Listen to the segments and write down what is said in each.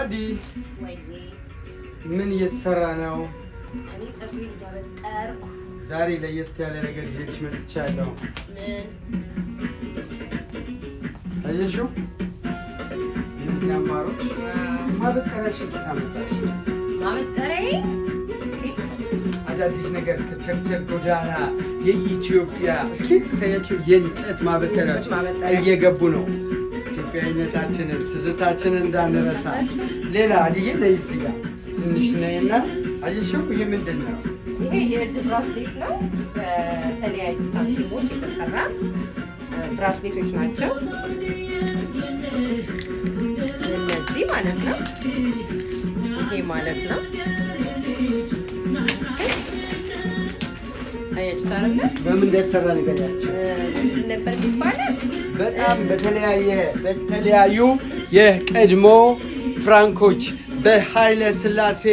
አዲ ምን እየተሰራ ነው? ዛሬ ለየት ያለ ነገር ይዤልሽ መጥቻለሁ። አየሽው? እነዚህ አምባሮች ማበጠሪያሽን ታመጣሽ። አዳዲስ ነገር ከቸርቸር ጎዳና የኢትዮጵያ። እስኪ ሳያቸው የእንጨት ማበጠሪያዎች እየገቡ ነው ኢትዮጵያዊነታችንን ትዝታችንን እንዳንረሳ። ሌላ አድዬ ነይ እዚህ ጋር ትንሽ ነይና አየሽው፣ ይህ ምንድን ነው? ይሄ የእጅ ብራስሌት ነው። በተለያዩ ሳንቲሞች የተሰራ ብራስሌቶች ናቸው እነዚህ ማለት ነው። ይሄ ማለት ነው አያችሁ አይደለ? በምን እንደተሰራ ነበር ይባላል። በጣም በተለያየ በተለያዩ የቀድሞ ፍራንኮች በኃይለ ስላሴ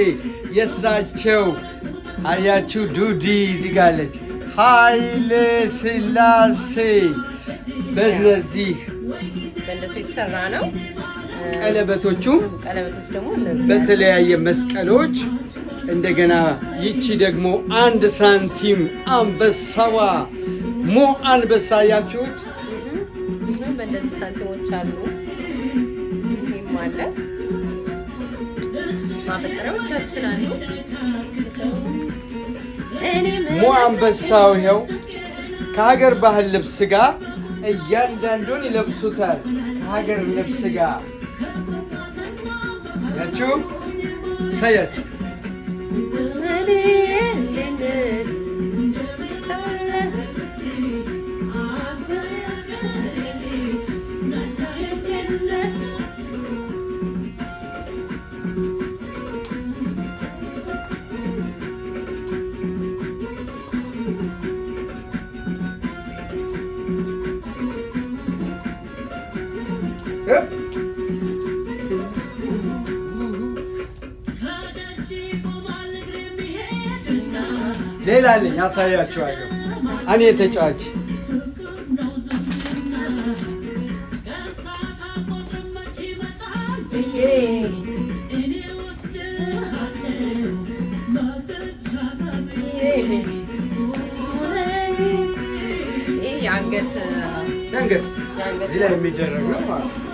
የሳቸው አያችሁ ዱዲ እዚህ ጋር አለች ኃይለ ስላሴ በእነዚህ በእንደሱ የተሰራ ነው። ቀለበቶቹም ቀለበቶች ደግሞ በተለያየ መስቀሎች እንደገና ይቺ ደግሞ አንድ ሳንቲም አንበሳዋ ሞ አንበሳ ያችሁት በእንደዚህ ሳንቲሞች አሉ። ይህም አለ ማበጠሪያዎቻችን አሉ። ሞ አንበሳው ይኸው ከሀገር ባህል ልብስ ጋር እያንዳንዱን ይለብሱታል ከሀገር ልብስ ጋር ያችሁ ሰያችሁ Hep. Lelalin ya saya çuvago. Ani te çaç. የአንገት የአንገት ዚህ ላይ የሚደረግ ነው ማለት ነው።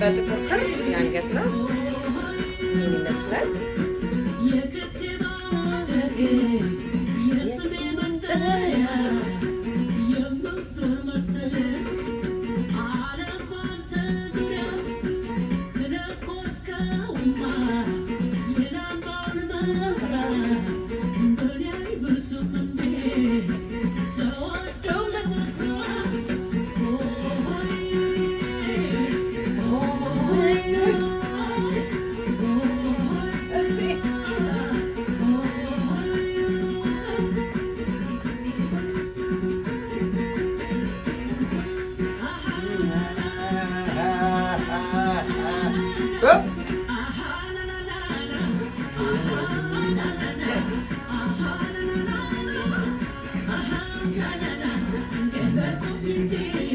በጥቁር ክር የአንገት ነው። ይህን ይመስላል።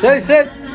Sel sel.